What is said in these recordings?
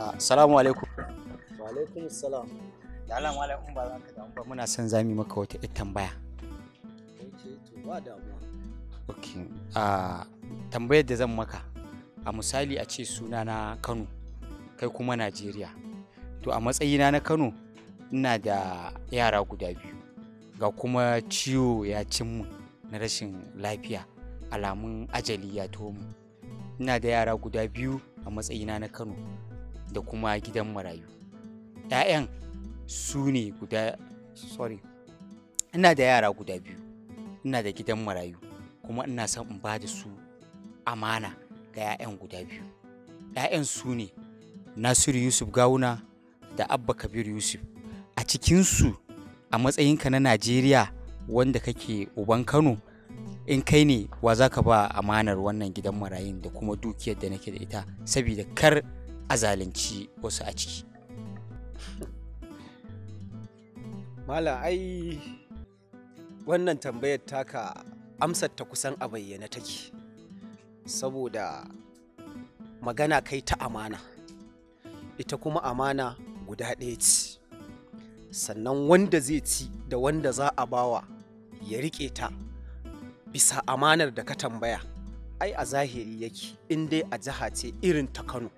Assalamu alaikum. Wa alaikum assalam. Da Allah alaikum in ba za ka damu ba muna son zami maka wata ita tambaya. Okay, to ba damuwa. Okay. Ah tambayar da zan maka a misali a ce suna na Kano kai kuma Najeriya. To a matsayina na Kano ina da yara guda biyu ga kuma ciwo ya cin mu na rashin lafiya alamun ajali ya mu ina da yara guda biyu a matsayina na Kano da kuma gidan marayu ‘ya'yan su ne guda sorry ina da yara guda biyu ina da gidan marayu kuma ina son in ba da su amana ga 'ya'yan guda biyu 'ya'yan su ne nasiru yusuf gawuna da abba kabir yusuf a cikinsu a matsayinka na najeriya wanda kake uban kano in kai ne wa za ka ba amanar wannan gidan marayun da kuma dukiyar da nake da ita saboda kar a zalunci wasu a ciki malam ai wannan tambayar taka amsar ta kusan a bayyana take saboda magana kai ta amana ita kuma amana guda ɗaya ce sannan wanda zai ci da wanda za a bawa ya riƙe ta bisa amanar da ka tambaya ai a zahiri yake in dai a jiha ce irin ta kano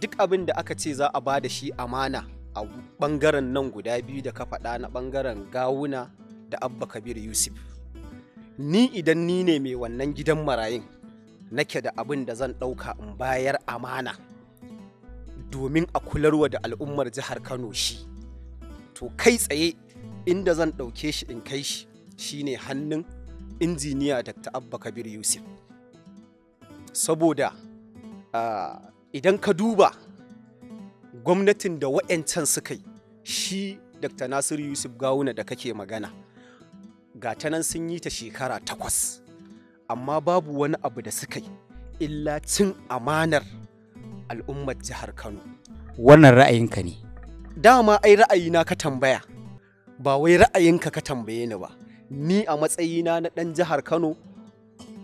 duk abin da aka ce za a ba da shi amana a bangaren nan guda biyu da ka faɗa na bangaren gawuna da abba kabir yusuf ni idan ni ne mai wannan gidan marayin nake da abin da zan ɗauka in bayar amana domin a kularwa da al'ummar jihar kano shi to kai tsaye inda zan ɗauke shi in kai shi shine hannun injiniya dr abba kabir yusuf saboda uh, idan ka duba gwamnatin da wa'yancan suka yi shi dr nasiru yusuf gawuna da kake magana ga ta nan sun yi ta shekara takwas amma babu wani abu da suka yi illa cin amanar al'ummar jihar kano wannan ra'ayinka ne dama ai ra'ayina ka tambaya ba wai ra'ayinka ka tambaye ni ba ni a matsayina na ɗan jihar kano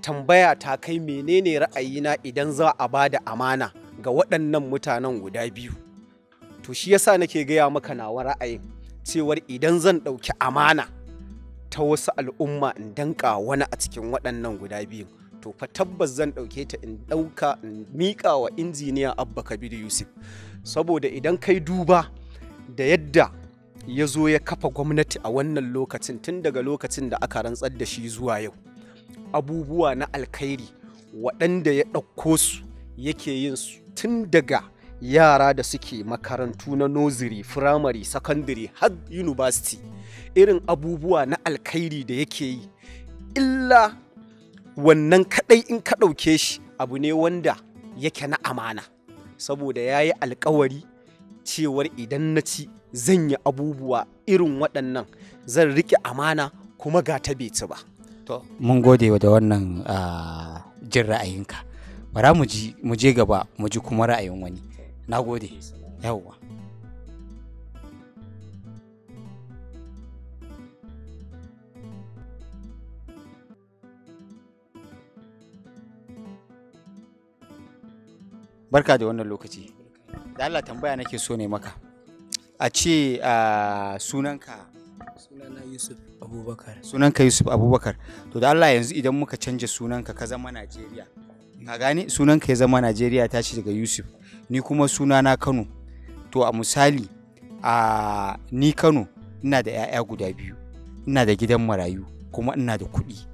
tambaya ta kai menene ra'ayina idan za a bada amana ga waɗannan mutanen guda biyu to shi yasa nake gaya maka nawa ra'ayin cewar idan zan ɗauki amana ta wasu al'umma in danka wani a cikin waɗannan guda biyu to fa tabbas zan ɗauke ta in ɗauka in miƙa wa injiniya abba kabir yusuf saboda idan kai duba da yadda ya zo ya kafa gwamnati a wannan lokacin tun daga lokacin da aka rantsar da shi zuwa yau abubuwa na alkhairi waɗanda ya ɗauko su yake yin su tun daga yara da suke makarantu na noziri, firamare sakandare har university irin abubuwa na alkhairi da yake yi illa wannan kadai in ka ɗauke shi abu ne wanda yake na amana saboda ya yi alkawari cewar idan na ci zan yi abubuwa irin waɗannan zan rike amana kuma ga ta ci ba. mun gode da wannan ah, jin ra'ayinka. bara mu je gaba mu ji kuma ra'ayin wani na gode yawwa barka da wannan lokaci da Allah tambaya nake so ne maka a ce a sunanka sunana Yusuf Abubakar sunanka Yusuf Abubakar to da Allah yanzu idan muka canja sunanka ka zama Najeriya na gane sunan ka ya zama najeriya ta ce daga yusuf ni kuma suna na kano to a misali a ni kano ina da 'ya'ya guda biyu ina da gidan marayu kuma ina da kuɗi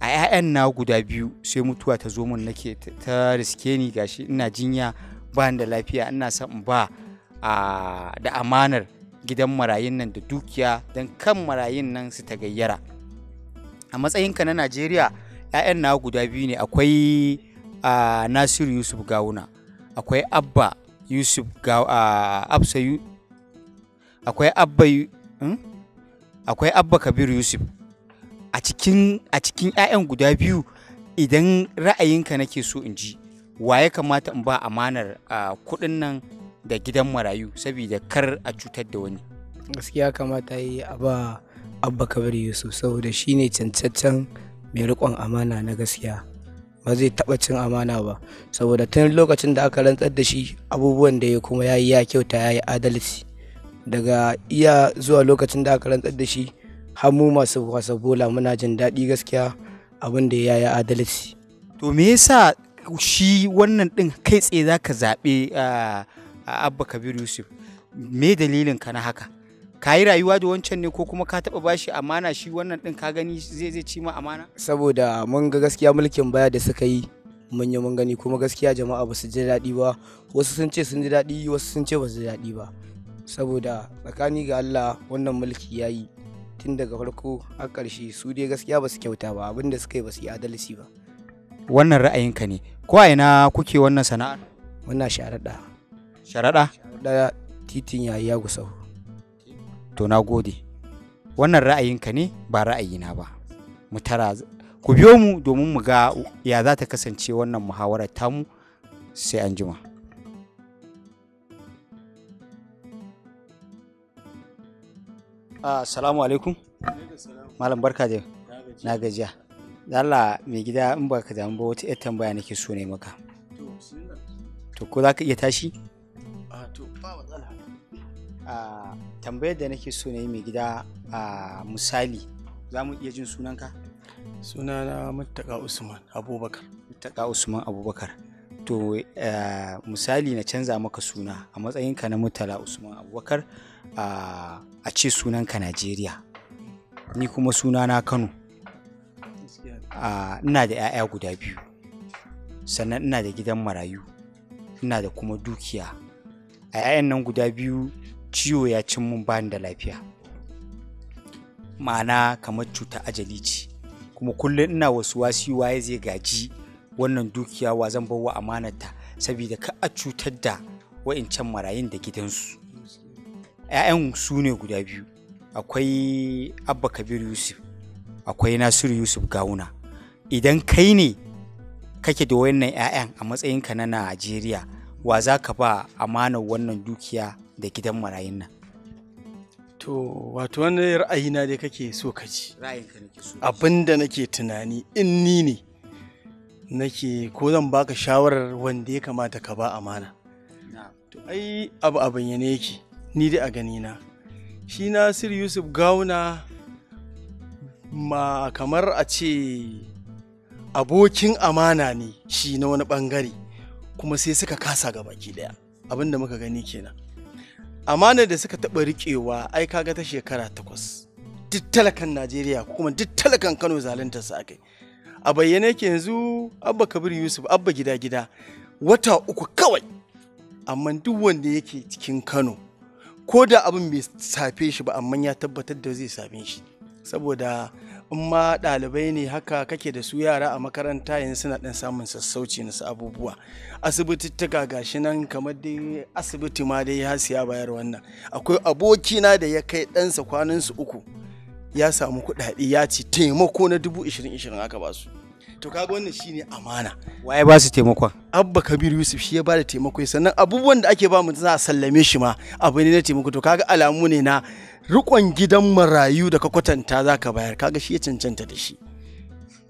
a 'ya'yan na guda biyu sai mutuwa ta zo min nake ta riske ni gashi ina jinya ba da lafiya ina son ba da amanar gidan marayun nan da dukiya don kan marayun nan su ta gayyara a matsayinka na najeriya 'ya'yan na guda biyu ne akwai a nasiru yusuf gawuna akwai abba yusuf Gawuna yu, akwai abba hmm? akwai abba kabiru yusuf a cikin a cikin 'ya'yan guda biyu idan ra'ayinka nake so in ji wa ya kamata in ba amanar kuɗin nan da gidan marayu saboda kar a cutar da wani gaskiya kamata yi a ba abba kabir yusuf saboda shine cancancan mai riƙon amana na gaskiya ba zai taɓa cin amana ba saboda tun lokacin da aka rantsar da shi abubuwan da ya kuma ya yi ya kyauta ya yi adalci daga iya zuwa lokacin da aka rantsar da shi hamu masu wasa bola muna jin daɗi gaskiya abin da ya yi adalci to me yasa shi wannan ɗin kai tsaye za ka zaɓe ah, abba kabir yusuf me dalilin ka na haka ka yi rayuwa da wancan ne ko kuma ka taɓa bashi amana shi wannan ɗin ka gani zai zai ci ma amana? Saboda mun ga gaskiya mulkin baya da suka yi mun yi mun gani kuma gaskiya jama'a ba su ji daɗi ba wasu sun ce sun ji daɗi wasu sun ce ba su ji daɗi ba saboda tsakani ga Allah wannan mulki ya yi tun daga farko a ƙarshe su dai gaskiya ba su kyauta ba abin da suka yi ba su yi adalci ba. Wannan ra'ayinka ne ko a ina kuke wannan sana'a? Wannan sharaɗa. Sharaɗa? Sharaɗa titin yayi ya gusau. to na gode wannan ra'ayinka ne ba ra'ayina ba mu tara ku biyo mu domin mu ga ya za ta kasance wannan muhawarar tamu sai an jima. Assalamu alaikum. Malam barka da na gajiya. Allah mai gida in ba ka damu ba wata 'yar tambaya nake so ne maka. To, ko za ka iya tashi? Ah, to, ba matsala. tambayar da nake so na yi mai gida a misali za mu iya jin sunanka sunana mutaka usman abubakar mutaka usman abubakar to misali na canza maka suna a matsayinka na mutala usman abubakar a ce sunanka najeriya ni kuma sunana kano ina da 'ya'ya guda biyu sannan ina da gidan marayu ina da kuma dukiya a 'ya'yan nan guda biyu ciwo ya cin mun bani da lafiya ma'ana kamar cuta ajali ce kuma kullum ina wasu wasi waye zai gaji wannan dukiya wa zan bawa amanarta saboda ka a cutar da wa'incan marayun da gidansu 'ya'yan su ne guda biyu akwai abba kabir yusuf akwai nasiru yusuf gawuna idan kai ne kake da wannan 'ya'yan a matsayinka na najeriya wa za ka ba amanar wannan dukiya da gidan marayun nan to wato wani ra'ayi ra'ayina dai kake so ka ji abinda nake tunani in ni ne nake ko zan baka shawarar wanda ya kamata ka ba amana to ai abu a bayyane yake ni dai a gani na. shi nasir yusuf gauna ma kamar a ce abokin amana ne shi na wani bangare kuma sai suka kasa ga baki daya abinda muka gani kenan amanar da suka taɓa riƙewa ai kaga ta shekara takwas duk talakan najeriya kuma duk talakan kano zalunta su akai a bayyane yake yanzu abba kabir yusuf abba gida gida wata uku kawai amma duk wanda yake cikin kano ko da abin bai safe shi ba amma ya tabbatar da zai same shi saboda in ma ɗalibai ne haka kake da su yara a makaranta yanzu suna ɗan samun sassauci na su abubuwa asibitittuka gashi nan kamar dai asibiti ma dai ya siya bayar wannan akwai abokina da ya kai ɗansa kwanansu uku ya samu kuɗaɗe ya ci taimako na dubu ishirin ishirin aka su. to kaga wannan shine amana waye ba su taimakon abba kabir yusuf shi ya bada da taimako sannan abubuwan da ake ba mu za a sallame shi ma abu ne na taimako to kaga alamu ne na rikon gidan marayu da ka kwatanta za ka bayar kaga shi ya cancanta da shi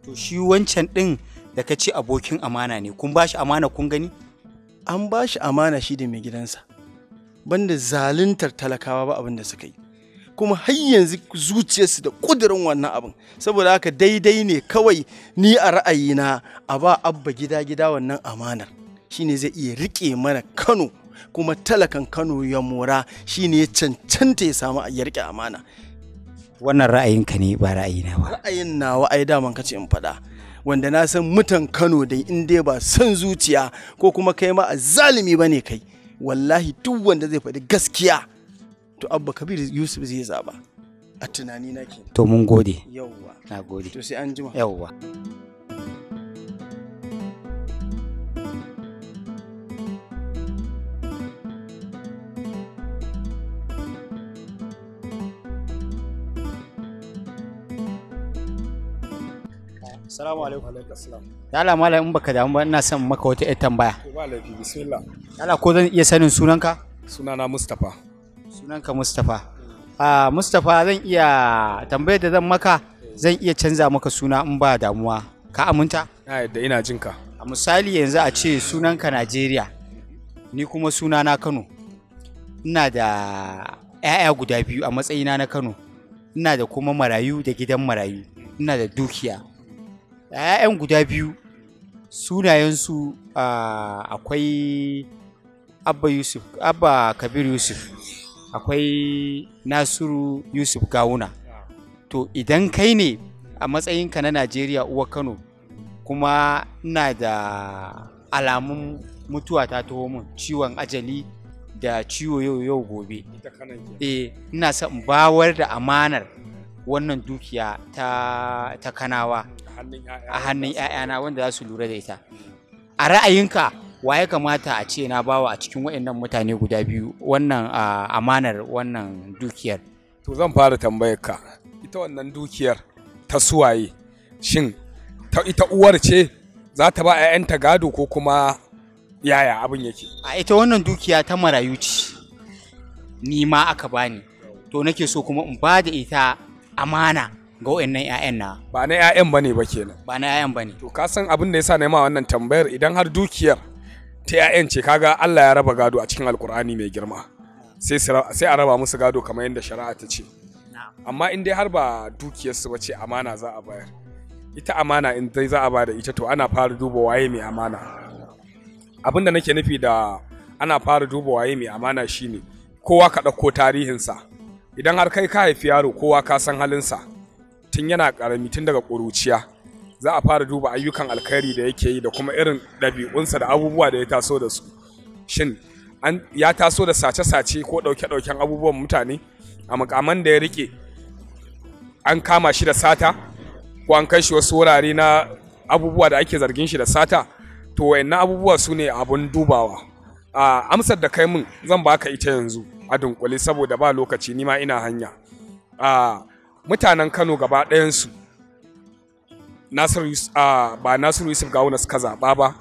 to shi wancan din da ka ce abokin amana ne kun ba shi amana kun gani an ba shi amana shi da mai gidansa banda zaluntar talakawa ba abin da suka yi kuma har yanzu zuciyarsu da ƙudurin wannan abin saboda haka daidai ne kawai ni a ra'ayina a ba abba gida gida wannan amanar shine zai iya riƙe mana kano kuma talakan kano ya mora shine ya cancanta ya samu ya riƙe amana wannan ra'ayinka ne ba ra'ayina ba ra'ayin nawa ai daman kace in faɗa wanda na san mutan kano da in dai ba san zuciya ko kuma kai ma a zalimi bane kai wallahi duk wanda zai faɗi gaskiya to abba kabir yusuf zai zaba a tunani na ke to mun gode yawwa na gode to sai an jima yawwa Salamu alaikum. Yala malam in baka damu ba ina son maka wata tambaya. Ba laifi bismillah. Yala ko zan iya sanin sunanka? Sunana Mustapha. sunanka mustapha a ah, mustapha zan iya tambayar da zan maka zan iya canza maka suna in ba damuwa ka aminta na yadda ina jinka. a misali yanzu a ce sunanka najeriya ni kuma suna na kano ina da 'ya'ya guda biyu a matsayina na kano ina da kuma marayu da gidan marayu ina da dukiya 'ya'yan guda biyu sunayensu ah, akwai abba yusuf abba kabir yusuf akwai nasiru yusuf gawuna to idan kai ne a matsayinka na najeriya uwa kano kuma ina da alamun mutuwa ta taho mun ciwon ajali da ciwo yau yau gobe eh ina sa bawar da amanar wannan dukiya ta, ta kanawa a hannun 'ya'yana wanda za su lura da ita a ra'ayinka wa ya kamata a ce na bawa a cikin waɗannan mutane guda biyu wannan amanar wannan dukiyar to zan fara tambayar ka ita wannan dukiyar ta suwaye shin ta ita uwar ce za ta ba 'ya'yanta gado ko kuma yaya abin yake a ita wannan dukiya ta marayu ce ni ma aka bani to nake so kuma in ba da ita amana ga wayannan 'ya'yan na ba na 'ya'yan bane ba kenan ba na 'ya'yan bane to ka san abin da yasa na ma wannan tambayar idan har dukiyar ta 'ya'yan ce kaga Allah ya raba gado a cikin alkur'ani mai girma sai a raba musu gado kamar yadda shari'a ta ce amma in dai har ba dukiyarsu ba ce amana za a bayar ita amana in dai za a da ita to ana fara duba waye mai amana abin da nake nufi da ana fara duba waye mai amana shine kowa ka ɗauko tarihinsa idan har kai ka haifi yaro kowa ka san halinsa tun yana ƙarami tun daga ƙuruciya za a fara duba ayyukan alkhairi da yake yi da kuma irin ɗabi'unsa da abubuwa da ya taso da su shin ya taso da sace-sace ko ɗauke-ɗauken abubuwan mutane a makaman da ya rike an kama shi da sata ko an kai shi wasu wurare na abubuwa da ake zargin shi da sata to wayannan abubuwa su ne abun dubawa a amsar da kai min zan baka ita yanzu a dunkule saboda ba lokaci ni ma ina hanya a mutanen kano gaba ɗayansu Nasiru Yusuf, a ba Nasiru Yusuf Gawuna suka zaɓa ba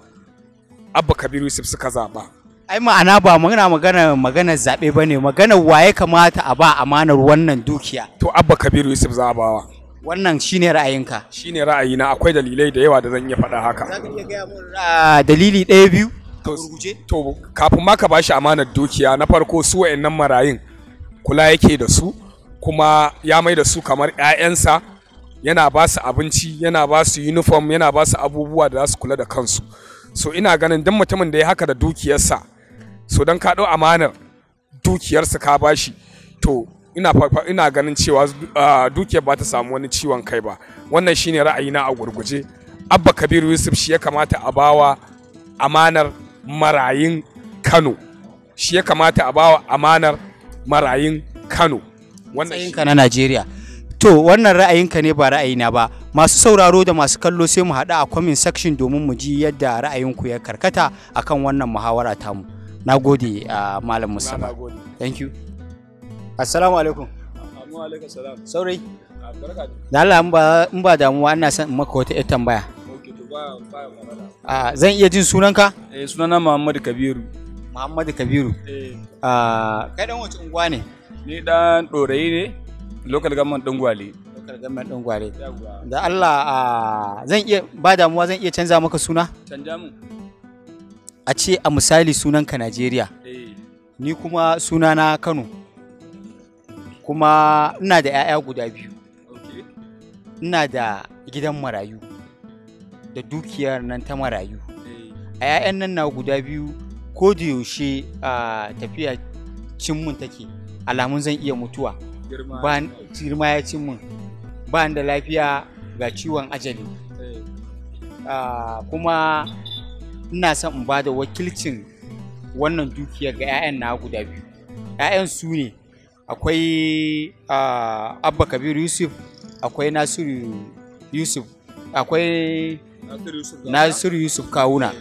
Abba Kabiru Yusuf suka zaɓa ai ma'ana ba muna magana magana zabe ba ne magana waye kamata a ba amanar wannan dukiya to abba kabiru yusuf za a wannan shine ra'ayinka shine ra'ayina akwai dalilai da yawa da zan iya faɗa haka za ka iya dalili ɗaya biyu to to kafin ma ka bashi amanar dukiya na farko su wa'annan marayin kula yake da su kuma ya mai da su kamar 'ya'yansa yana ba su abinci yana ba su uniform yana ba su abubuwa da za su kula da kansu so ina ganin duk mutumin da ya haka da dukiyarsa so don ka ɗau amanar dukiyarsa ka bashi to ina ganin cewa dukiyar ba ta samu wani ciwon kai ba wannan shine ra'ayina a gurguje abba kabiru yusuf shi ya kamata a bawa amanar marayin kano shi ya kamata a bawa amanar marayin kano wannan na najeriya to wannan ra'ayinka ne ba ra'ayina ba masu sauraro da masu kallo sai mu haɗu a comment section domin mu ji yadda ra'ayinku ya karkata akan wannan muhawara tamu na gode a ah, malam musamman thank you assalamu alaikum saurayi ah, da Allah in ba damuwa ina son maka wata ita tambaya ah, zan iya jin sunanka? eh sunana muhammadu kabiru muhammadu kabiru eh kai dan wace unguwa ne ni dan ɗorayi ne local government ɗin gwale local government gwale da Allah zan iya ba damuwa zan iya canza maka suna canza mu a ce a misali sunan ka Najeriya eh. ni kuma suna na Kano kuma ina da 'ya'ya guda biyu ina da gidan marayu da dukiyar nan ta marayu eh. a 'ya'yan nan na guda biyu ko da yaushe a tafiya cin mun take alamun zan iya mutuwa girma ya cin min ba da lafiya ga ciwon ajali eh. ah, kuma ina son in ba da wakilcin wannan dukiyar ga 'ya'yan na guda biyu 'ya'yan su ne akwai ah, abba kabir yusuf akwai nasiru yusuf akwai nasiru yusuf kawuna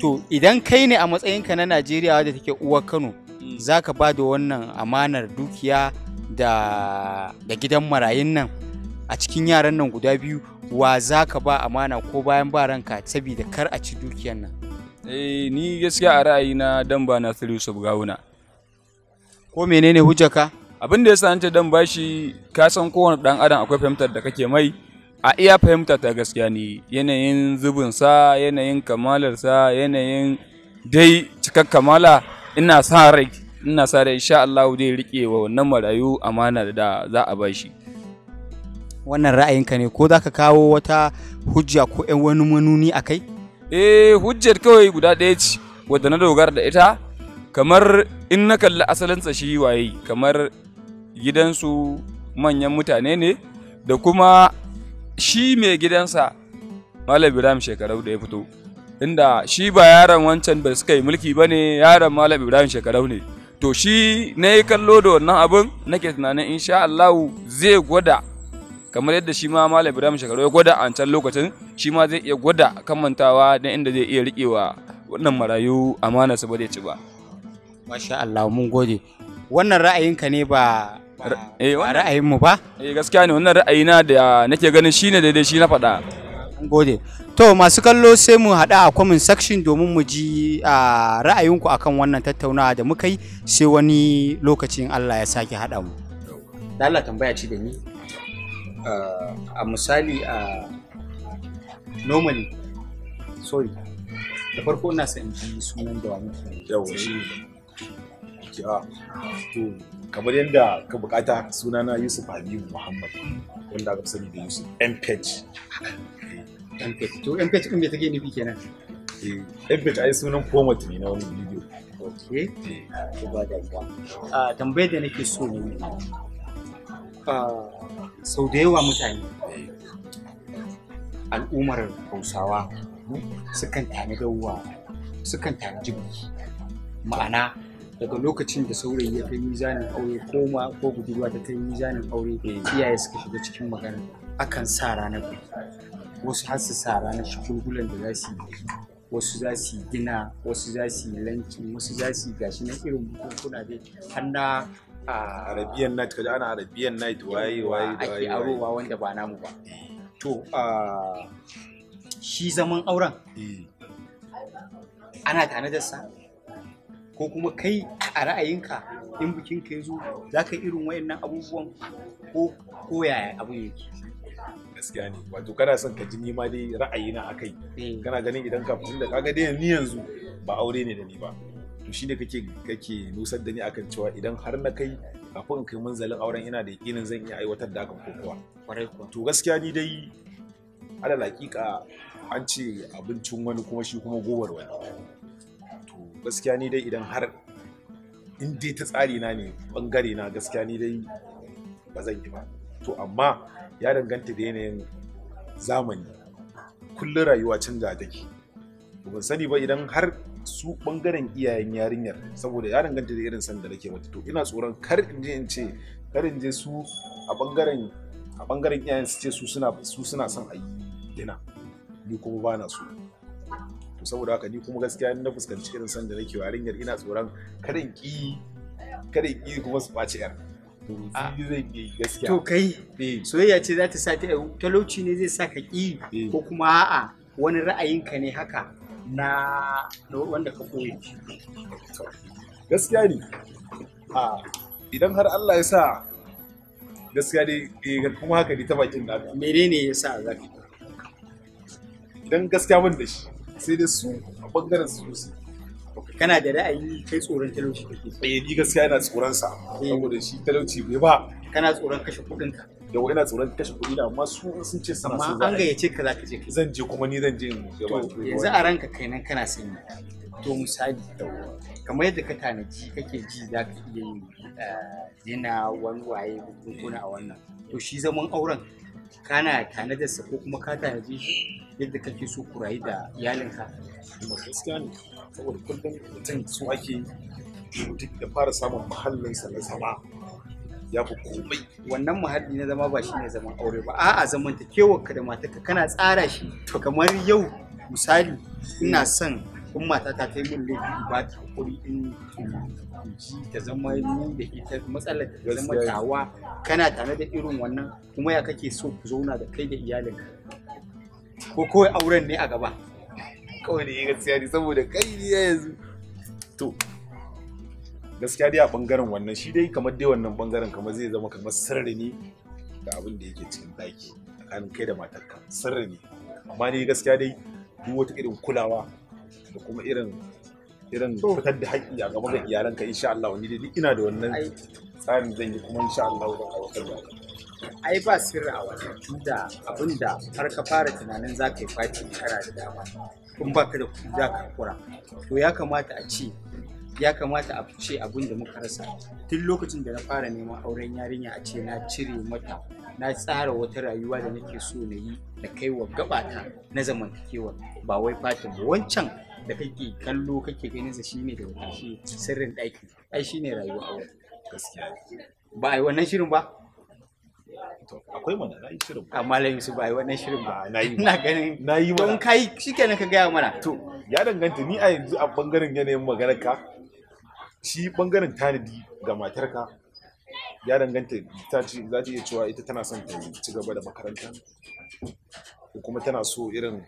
to idan kai ne a matsayinka na najeriya wadda take uwar kano hmm. za ka ba da wannan amanar dukiya da gidan marayun nan a cikin yaran nan guda biyu wa za ka ba amana ko bayan ba ranka saboda kar a ci dukiyan nan eh ni gaskiya a ra'ayina dan ba na Yusuf gauna ko menene hujjaka abin da yasa ta dan bashi ka san kowane dan adam akwai fahimtar da kake mai a iya fahimta ta gaskiya ne yanayin zubin sa yanayin kamalar sa yanayin dai cikak kamala ina sa rai ina sa da insha Allah zai rike wa wannan marayu amana da za a shi. wannan ra'ayinka ne ko za ka kawo wata hujja ko yan wani manuni a kai eh hujjar kawai guda ɗaya ce wadda na dogara da ita kamar in na kalli asalinsa shi waye kamar gidansu manyan mutane ne da kuma shi mai gidansa malam ibrahim shekarau da ya fito inda shi ba yaron wancan bai suka yi mulki ba ne yaron malam ibrahim shekarau ne to shi na yi kallo da wannan abin nake tunanin insha Allahu zai gwada kamar yadda shi ma Malam Ibrahim Shekaru ya gwada a can lokacin shi ma zai iya gwada kamantawa don inda zai iya riƙewa wannan marayu amana su ba zai ci ba. Masha Allah mun gode. Wannan ra'ayinka ne ba eh, ra'ayin mu ba? Eh gaskiya ne wannan ra'ayina da nake ganin shine daidai shi na faɗa. Mun gode. to masu kallo sai mu haɗa a comment section domin mu ji ra'ayinku akan wannan tattaunawa da muka yi sai wani lokacin Allah ya sake haɗa mu Allah tambaya ce da ni a misali a normally sorry da farko na san ji sunan da wani yawa shi ya to kamar yadda ka bukata sunana Yusuf Habibu Muhammad wanda aka sani da Yusuf MPH mpet to mpet din me take nufi kenan eh mpet ai sunan format ne na wani bidiyo okay to eh. ba da ba a ah, tambayar da nake so ne ah, sau da yawa mutane eh. al'ummar hausawa sukan tanaji wa sukan tanaji ma'ana daga lokacin da saurayi ya kai mizanin aure ko ma ko budurwa ta kai mizanin aure eh. iyaye suka shiga cikin magana akan sa ranar wasu har su sa ranar shigulgulan da za su yi wasu za su yi gina wasu za su yi lanki wasu za su yi gashi na irin bukukuna dai har na arabian night kaji ana arabian night waye waye ake arowa wanda ba namu ba to shi zaman auren eh. ana sa, ko kuma kai a ra'ayinka in bikin ka ya zo za ka irin wayannan abubuwan ko yaya abun yake gaskiya ne wato kana son ka ji nima dai na akai eh. kana ganin idan ka fitin da kaga dai ni yanzu ba aure ne da ni ba to shine kake kake nusar da ni akan cewa idan har na kai kafin kai munzalin auren ina da yakinin zan iya aiwatar da hakan kuwa to gaskiya ni dai ala laƙiƙa an ce abincin wani kuma shi kuma gobar wani to gaskiya ni dai idan har in dai ta tsari na ne bangare na gaskiya ni dai ba zan yi ba to amma ya danganta da yanayin zamani kullum rayuwa canza take ban sani ba idan har su bangaren iyayen yarinyar saboda ya danganta da irin sanda da ke wata to ina tsoron kar in je in ce kar in je su a bangaren a bangaren iyayen su ce su suna su suna son ayi dina ni kuma ba na so to saboda haka ni kuma gaskiya na fuskanci irin sanda da ke yarinyar ina tsoron kar in ki kar in ki kuma su ɓaci yar shi zan yi gaskiya to kai eh. soyayya ce za ta sa ta talauci ne zai sa ka ƙi eh. ko kuma a'a wani ra'ayinka ne haka na wanda ka koyi gaskiya ne idan har Allah ya sa gaskiya dai eh, kuma haka ne ta bakin naka ne ya sa za ka idan gaskiya ban da shi sai dai su a bangaren su sosai kana da ra'ayi kai tsoron talauci kake eh ni gaskiya ina tsoron sa eh. saboda shi talauci bai ba kana tsoron kashe kuɗin ka yawa ina tsoron kashe kuɗi da amma su sun ce sama su an gayyace ka zaka je zan je kuma ni zan je to yanzu a ranka kainan kana sanya to misali kamar yadda ka tanaji kake ji za ka iya yin yana eh, wani waye kuna a wannan to shi zaman auren kana tanadarsa ko kuma ka tanaji yadda kake so ku rayu da iyalinka gaskiya ne saboda kullum mutum su ake mutum da fara samun muhallinsa na zama ya fi komai wannan muhalli na zama ba shi ne zaman aure ba a'a zaman ta kewarka da matarka kana tsara shi to kamar yau misali ina son in mata ta kai min laifi ba ta hakuri in ji ta zama ni da ita matsalar ta zama tawa kana tare da irin wannan kuma ya kake so ku zauna da kai da iyalinka ko kawai auren ne a gaba kawai ne ya gaskiya ne saboda kai ne ya yanzu to gaskiya dai a bangaren wannan shi dai kamar dai wannan bangaren kamar zai zama kamar sirri ne da abin da yake cikin daki tsakanin kai da matarka sirri ne amma dai gaskiya dai duk wata irin kulawa da kuma irin irin fitar da haƙƙi a gaba ga iyalanka insha Allah wani dai ina da wannan tsarin zan yi kuma insha Allah zan aiwatar da ai ba sirri a wannan tunda abin har ka fara tunanin za ka yi fati kara da dama kun ba ka da kuɗi za ka kura to ya kamata a ce ya kamata a ce abin da muka rasa tun lokacin da na fara neman auren yarinya a ce na cire mata na tsara wata rayuwa da nake so na yi na kai wa gabata na zamantakewa ba wai fatin ba wancan da kake kallo kake ganin sa shine da wata shi sirrin ɗaki ai shine rayuwa a gaskiya ba ai wannan shirin ba akwai mana na yi shirin ba malami su bai wannan shirin ba ah, na yi na ganin na yi don kai shikenan ka gaya mana to ya danganta ni a yanzu a bangaren yanayin maganar ka shi bangaren tanadi ga matarka ya danganta ta ce za ta iya cewa ita tana son ta ci gaba da makaranta ko kuma tana so irin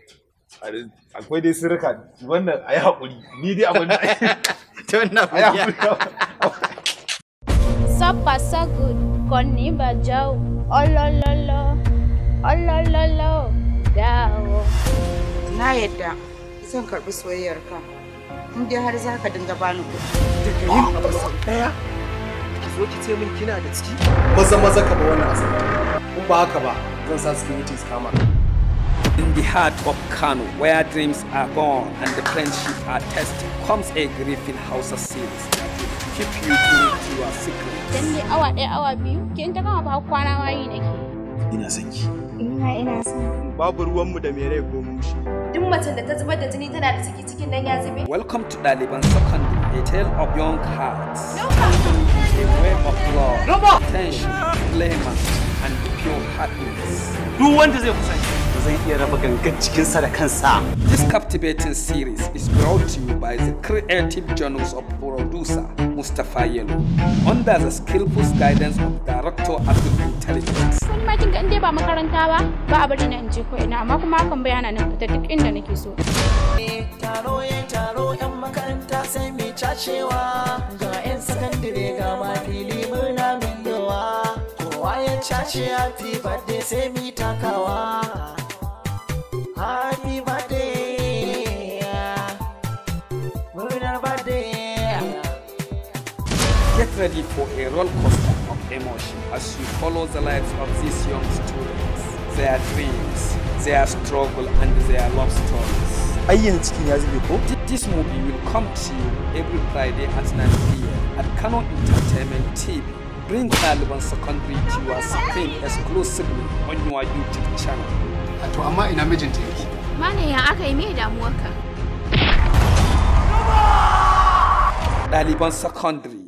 akwai dai sirrika wannan a yi haƙuri ni dai abin da ta wannan Sapa koni bajau. olololo oh, olololo oh, dawo na yadda zan karɓi soyayyarka in dai har za ka dinga bani kuɗi daga yin abu sau ɗaya ki zo ki ce min kina da ciki maza maza ka ba wani asibiti in ba haka ba zan sa securities kama In the heart of Kano, where dreams are born and the friendship are tested, comes a grieving house of sins that will keep you to your secret. dan dai awa ɗaya awa biyu ke in ta gama ba kwana ma yi nake ina son ki ina ina son babu ruwan mu da mere ko mushi duk macen da ta zubar da jini tana da ciki cikin nan ya zube welcome to daliban second a tale of young hearts no, a wave of love Robo. tension glamour and pure happiness duk wanda zai kusanci zai iya raba gangan da kansa. This captivating series is brought to you by the creative journals of producer Mustapha Yellow under the skillful guidance of Director Artificial Intelligence. Wani ma kin ga inda ba makaranta ba ba a bari na in je ko ina amma kuma hakan bayana nan fita duk inda nake so. Eh, taro ya eh, taro yan makaranta sai mai cacewa ga 'yan sakandire ga ma fili muna min yawa kowa ya cace ya fi sai mi takawa. ready for a roller coaster of emotion as you follow the lives of these young students, their dreams, their struggle, and their love stories. This movie will come to you every Friday at 9 p.m. at Canon Entertainment TV. Bring Taliban secondary to your screen exclusively on your YouTube channel. To amma ina mijinta yake? ya aka yi mai damuwarka? Ɗaliban secondary